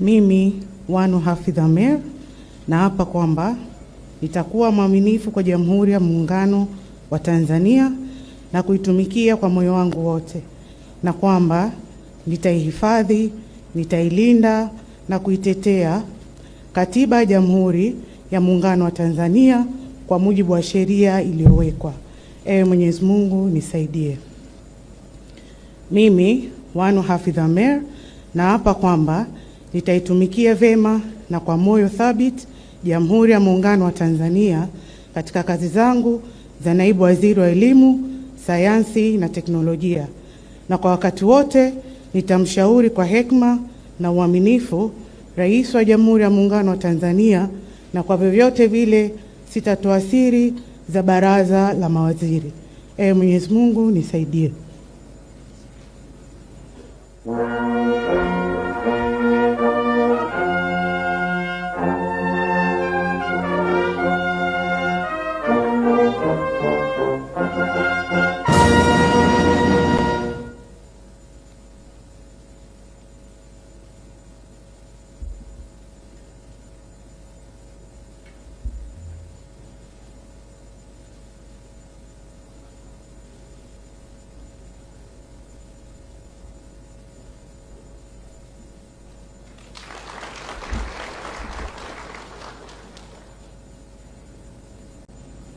Mimi Wanu Hafidh Ameir naapa kwamba nitakuwa mwaminifu kwa Jamhuri ya Muungano wa Tanzania na kuitumikia kwa moyo wangu wote, na kwamba nitaihifadhi, nitailinda na kuitetea Katiba ya Jamhuri ya Muungano wa Tanzania kwa mujibu wa sheria iliyowekwa. Ewe Mwenyezi Mungu nisaidie. Mimi Wanu Hafidh Ameir naapa kwamba nitaitumikia vema na kwa moyo thabiti Jamhuri ya Muungano wa Tanzania katika kazi zangu za naibu waziri wa elimu, sayansi na teknolojia, na kwa wakati wote nitamshauri kwa hekima na uaminifu Rais wa Jamhuri ya Muungano wa Tanzania, na kwa vyovyote vile sitatoa siri za baraza la mawaziri. Ee Mwenyezi Mungu nisaidie.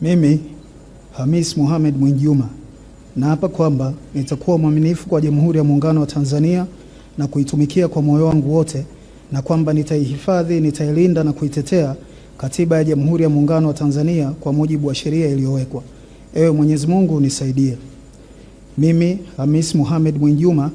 Mimi Hamis Mohamed Mwinjuma naapa kwamba nitakuwa mwaminifu kwa Jamhuri ya Muungano wa Tanzania na kuitumikia kwa moyo wangu wote, na kwamba nitaihifadhi, nitailinda na kuitetea Katiba ya Jamhuri ya Muungano wa Tanzania kwa mujibu wa sheria iliyowekwa. Ewe Mwenyezi Mungu nisaidie. Mimi Hamis Mohamed Mwinjuma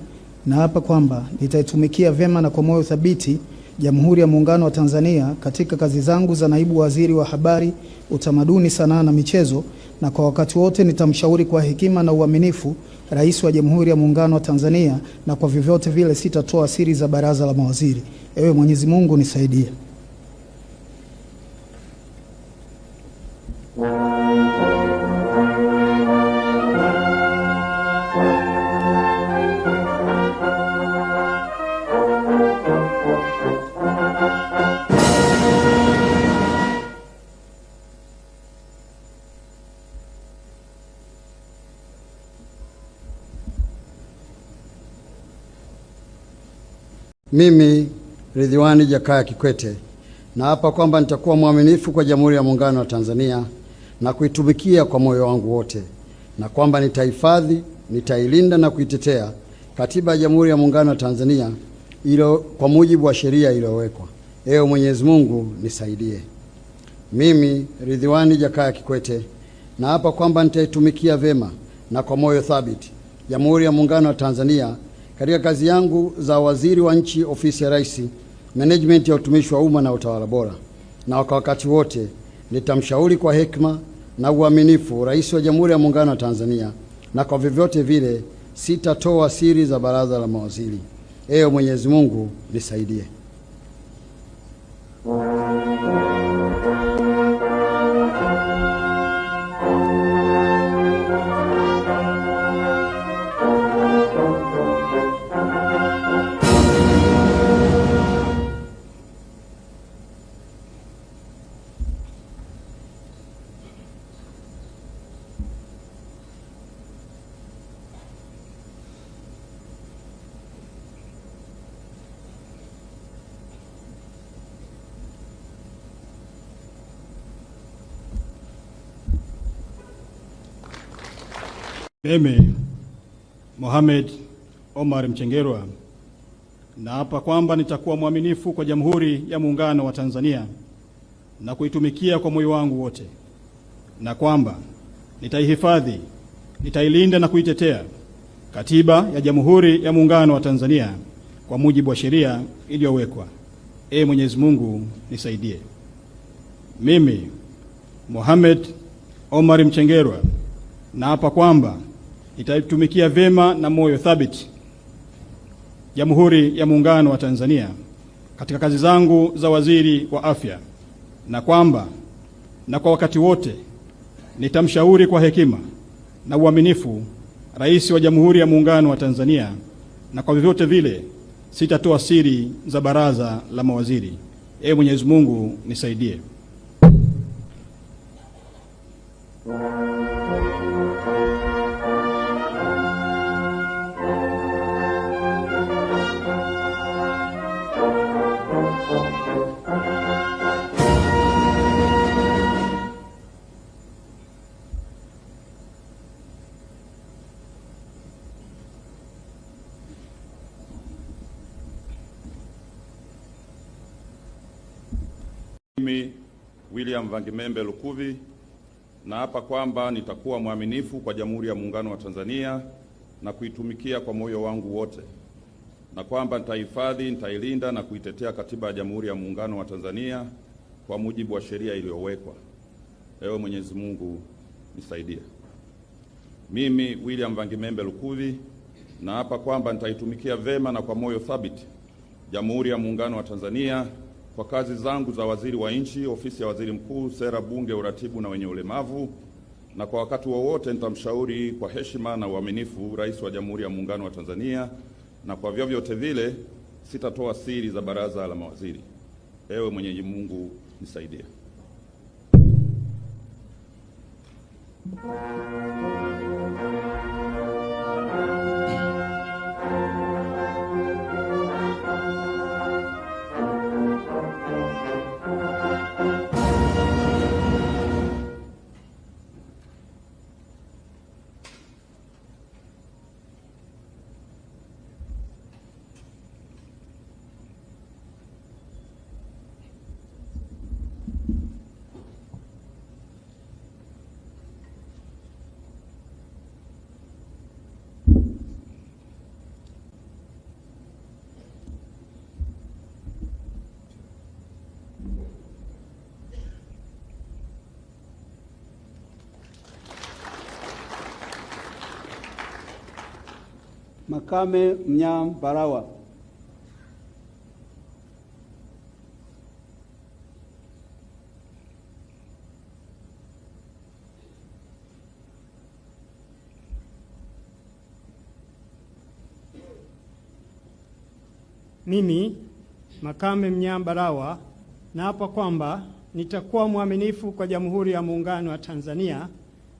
naapa kwamba nitaitumikia vyema na kwa moyo thabiti Jamhuri ya Muungano wa Tanzania katika kazi zangu za naibu waziri wa habari, utamaduni, sanaa na michezo, na kwa wakati wote nitamshauri kwa hekima na uaminifu Rais wa Jamhuri ya Muungano wa Tanzania, na kwa vyovyote vile sitatoa siri za baraza la mawaziri. Ewe Mwenyezi Mungu nisaidie. Mimi Ridhiwani Jakaya Kikwete naapa kwamba nitakuwa mwaminifu kwa Jamhuri ya Muungano wa Tanzania na kuitumikia kwa moyo wangu wote, na kwamba nitahifadhi, nitailinda na kuitetea Katiba ya Jamhuri ya Muungano wa Tanzania ilo, kwa mujibu wa sheria iliyowekwa. Ewe Mwenyezi Mungu nisaidie. Mimi Ridhiwani Jakaya Kikwete naapa kwamba nitaitumikia vema na kwa moyo thabiti Jamhuri ya Muungano wa Tanzania katika kazi yangu za waziri wa nchi ofisi ya Rais, management ya utumishi wa umma na utawala bora, na kwa wakati wote nitamshauri kwa hekima na uaminifu Rais wa Jamhuri ya Muungano wa Tanzania, na kwa vyovyote vile sitatoa siri za baraza la mawaziri. Eyo Mwenyezi Mungu nisaidie. Mimi Mohamed Omar Mchengerwa naapa kwamba nitakuwa mwaminifu kwa Jamhuri ya Muungano wa Tanzania na kuitumikia kwa moyo wangu wote, na kwamba nitaihifadhi, nitailinda na kuitetea Katiba ya Jamhuri ya Muungano wa Tanzania kwa mujibu wa sheria iliyowekwa. Ee Mwenyezi Mungu nisaidie. Mimi Mohamed Omar Mchengerwa naapa kwamba nitaitumikia vyema na moyo thabiti Jamhuri ya Muungano wa Tanzania katika kazi zangu za waziri wa afya, na kwamba na kwa wakati wote nitamshauri kwa hekima na uaminifu Rais wa Jamhuri ya Muungano wa Tanzania, na kwa vyovyote vile sitatoa siri za baraza la mawaziri. Ee Mwenyezi Mungu nisaidie. Vangimembe Lukuvi hapa kwamba nitakuwa mwaminifu kwa Jamhuri ya Muungano wa Tanzania na kuitumikia kwa moyo wangu wote, na kwamba nitahifadhi, nitailinda na kuitetea Katiba ya Jamhuri ya Muungano wa Tanzania kwa mujibu wa sheria iliyowekwa. Ewe Mwenyezi Mungu nisaidie. Mimi William Vangimembe Lukuvi naapa kwamba nitaitumikia vema na kwa moyo thabiti Jamhuri ya Muungano wa Tanzania kwa kazi zangu za waziri wa nchi, ofisi ya waziri mkuu, sera, bunge, uratibu na wenye ulemavu, na kwa wakati wowote nitamshauri kwa heshima na uaminifu Rais wa Jamhuri ya Muungano wa Tanzania, na kwa vyovyote vile sitatoa siri za baraza la mawaziri. Ewe Mwenyezi Mungu nisaidie. Makame Mnyam Barawa. Mimi Makame Mnyam Barawa naapa kwamba nitakuwa mwaminifu kwa Jamhuri ya Muungano wa Tanzania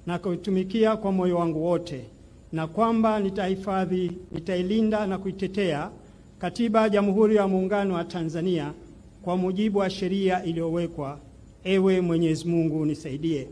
na kuitumikia kwa moyo wangu wote na kwamba nitahifadhi, nitailinda na kuitetea Katiba ya Jamhuri ya Muungano wa Tanzania kwa mujibu wa sheria iliyowekwa. Ewe Mwenyezi Mungu nisaidie.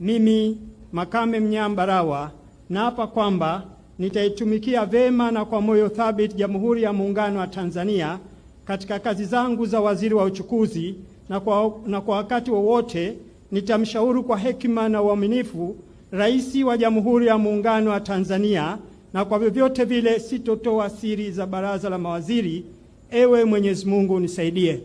Mimi Makame Mnyambarawa naapa kwamba nitaitumikia vema na kwa moyo thabiti Jamhuri ya Muungano wa Tanzania katika kazi zangu za waziri wa uchukuzi, na kwa, na kwa wakati wowote nitamshauri kwa hekima na uaminifu rais wa Jamhuri ya Muungano wa Tanzania, na kwa vyovyote vile sitotoa siri za baraza la mawaziri. Ewe Mwenyezi Mungu unisaidie.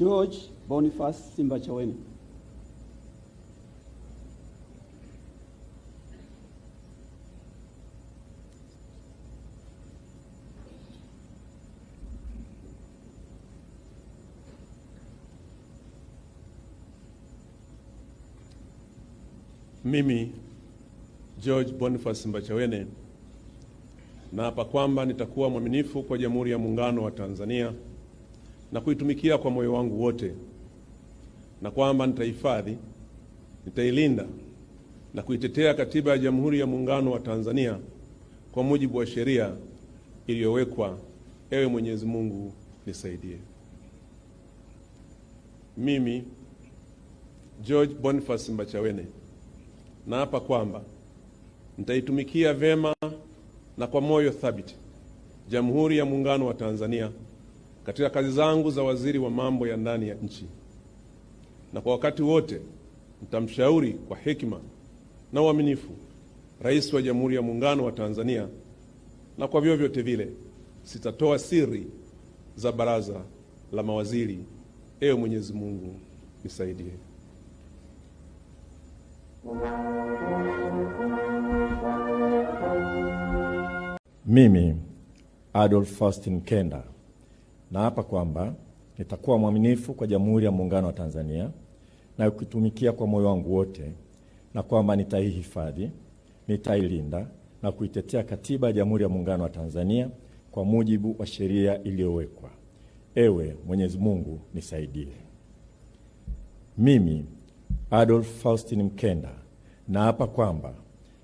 George Boniface Simbachawene. Mimi George Boniface Simbachawene naapa kwamba nitakuwa mwaminifu kwa Jamhuri ya Muungano wa Tanzania na kuitumikia kwa moyo wangu wote, na kwamba nitahifadhi, nitailinda na kuitetea Katiba ya Jamhuri ya Muungano wa Tanzania kwa mujibu wa sheria iliyowekwa. Ewe Mwenyezi Mungu nisaidie. Mimi George Boniface Mbachawene naapa kwamba nitaitumikia vema na kwa moyo thabiti Jamhuri ya Muungano wa Tanzania katika kazi zangu za waziri wa mambo ya ndani ya nchi, na kwa wakati wote nitamshauri kwa hekima na uaminifu Rais wa Jamhuri ya Muungano wa Tanzania, na kwa vyovyote vile sitatoa siri za baraza la mawaziri. Ewe Mwenyezi Mungu nisaidie. Mimi Adolf Faustin Kenda Naapa kwamba nitakuwa mwaminifu kwa Jamhuri ya Muungano wa Tanzania na kuitumikia kwa moyo wangu wote, na kwamba nitaihifadhi, nitailinda na kuitetea Katiba ya Jamhuri ya Muungano wa Tanzania kwa mujibu wa sheria iliyowekwa. Ewe Mwenyezi Mungu nisaidie. Mimi Adolf Faustin Mkenda naapa kwamba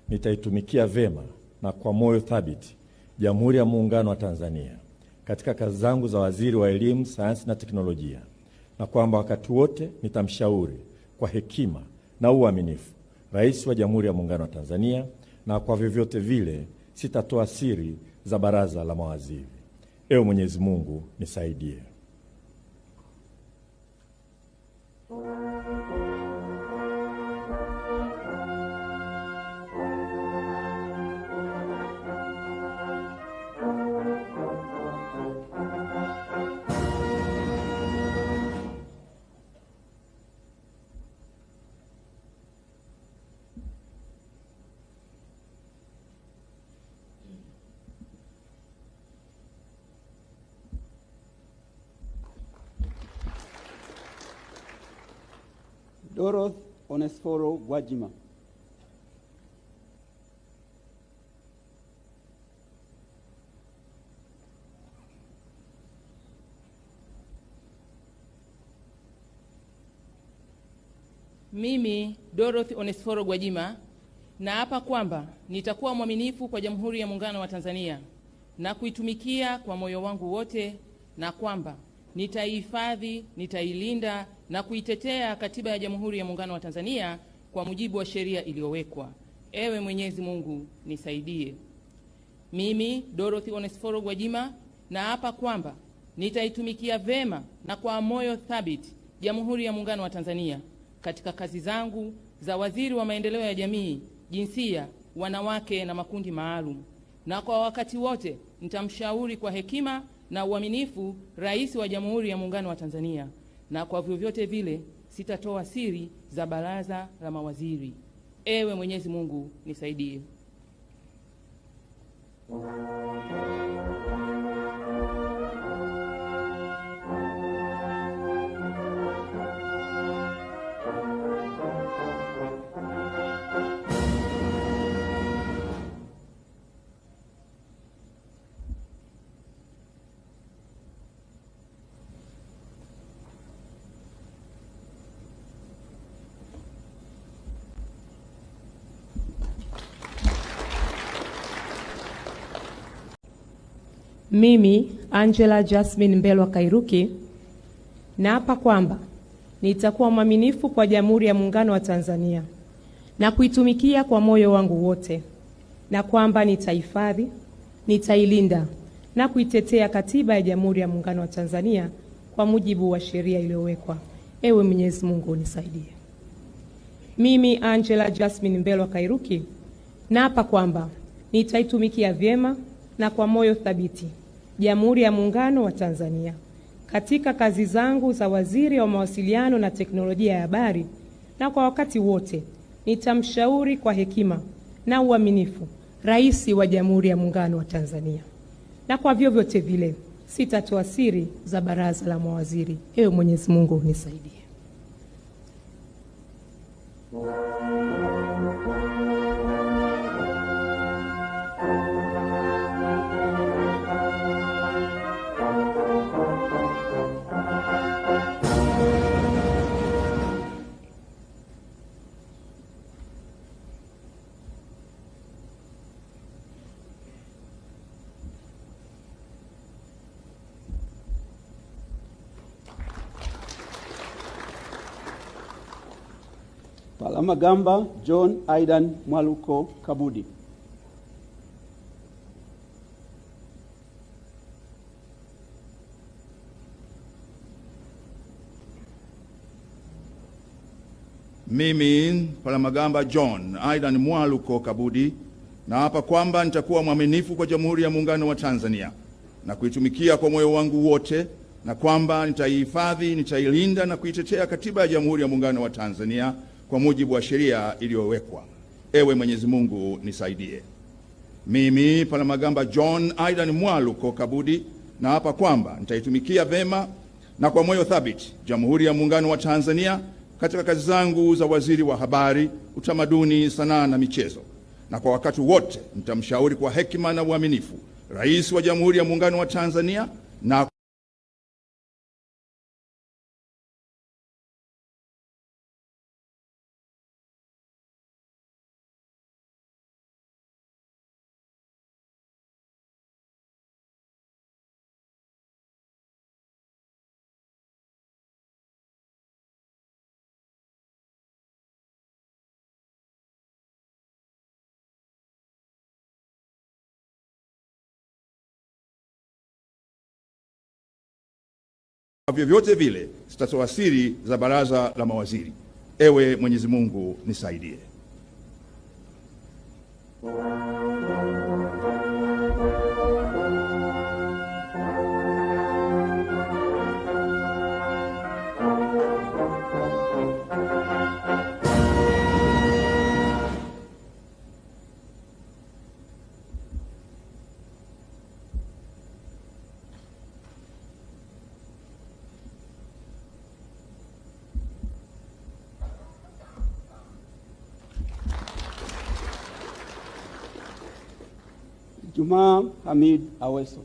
nitaitumikia vema na kwa moyo thabiti Jamhuri ya Muungano wa Tanzania katika kazi zangu za waziri wa elimu, sayansi na teknolojia, na kwamba wakati wote nitamshauri kwa hekima na uaminifu Rais wa Jamhuri ya Muungano wa Tanzania, na kwa vyovyote vile sitatoa siri za baraza la mawaziri. Ewe Mwenyezi Mungu nisaidie. Doroth Onesforo Gwajima. Mimi Dorothy Onesforo Gwajima naapa kwamba nitakuwa mwaminifu kwa Jamhuri ya Muungano wa Tanzania na kuitumikia kwa moyo wangu wote, na kwamba nitaihifadhi, nitailinda na kuitetea Katiba ya Jamhuri ya Muungano wa Tanzania kwa mujibu wa sheria iliyowekwa. Ewe Mwenyezi Mungu nisaidie. Mimi Dorothy Onesforo Gwajima naapa kwamba nitaitumikia vema na kwa moyo thabiti Jamhuri ya Muungano wa Tanzania katika kazi zangu za waziri wa maendeleo ya jamii, jinsia, wanawake na makundi maalum, na kwa wakati wote nitamshauri kwa hekima na uaminifu Rais wa Jamhuri ya Muungano wa Tanzania na kwa vyovyote vile sitatoa siri za baraza la mawaziri. Ewe Mwenyezi Mungu nisaidie. Mimi Angela Jasmine Mbelwa Kairuki naapa kwamba nitakuwa mwaminifu kwa Jamhuri ya Muungano wa Tanzania na kuitumikia kwa moyo wangu wote, na kwamba nitahifadhi, nitailinda na kuitetea Katiba ya Jamhuri ya Muungano wa Tanzania kwa mujibu wa sheria iliyowekwa. Ewe Mwenyezi Mungu unisaidie. Mimi Angela Jasmine Mbelwa Kairuki naapa kwamba nitaitumikia vyema na kwa moyo thabiti Jamhuri ya Muungano wa Tanzania. Katika kazi zangu za waziri wa mawasiliano na teknolojia ya habari, na kwa wakati wote nitamshauri kwa hekima na uaminifu Rais wa Jamhuri ya Muungano wa Tanzania, na kwa vyovyote vile sitatoa siri za baraza la mawaziri. Ewe Mwenyezi Mungu nisaidie. Gamba John Aidan Mwaluko Kabudi. Mimi Palamagamba John Aidan Mwaluko Kabudi hapa kwamba nitakuwa mwaminifu kwa Jamhuri ya Muungano wa Tanzania na kuitumikia kwa moyo wangu wote, na kwamba nitaihifadhi, nitailinda na kuitetea Katiba ya Jamhuri ya Muungano wa Tanzania kwa mujibu wa sheria iliyowekwa. Ewe Mwenyezi Mungu nisaidie. Mimi Palamagamba John Aidan Mwaluko Kabudi na hapa kwamba nitaitumikia vema na kwa moyo thabiti Jamhuri ya Muungano wa Tanzania katika kazi zangu za waziri wa habari, utamaduni, sanaa na michezo, na kwa wakati wote nitamshauri kwa hekima na uaminifu Rais wa Jamhuri ya Muungano wa Tanzania na vyovyote vile sitatoa siri za baraza la mawaziri. Ewe Mwenyezi Mungu nisaidie. Jumaa Hamid Aweso.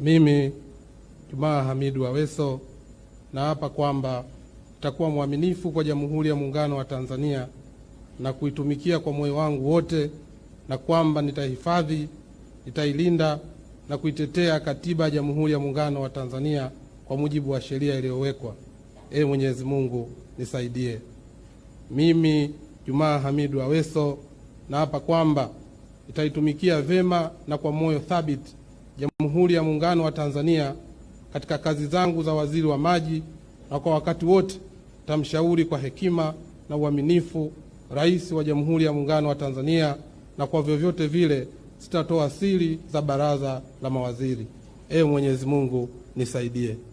Mimi Jumaa Hamidu Aweso naapa kwamba nitakuwa mwaminifu kwa Jamhuri ya Muungano wa Tanzania na kuitumikia kwa moyo wangu wote, na kwamba nitahifadhi, nitailinda na kuitetea katiba ya Jamhuri ya Muungano wa Tanzania kwa mujibu wa sheria iliyowekwa. Ee Mwenyezi Mungu nisaidie. Mimi Jumaa Hamidu Aweso naapa kwamba nitaitumikia vema na kwa moyo thabiti Jamhuri ya Muungano wa Tanzania katika kazi zangu za waziri wa maji, na kwa wakati wote tamshauri kwa hekima na uaminifu Rais wa Jamhuri ya Muungano wa Tanzania, na kwa vyovyote vile sitatoa siri za baraza la mawaziri. Ee Mwenyezi Mungu nisaidie.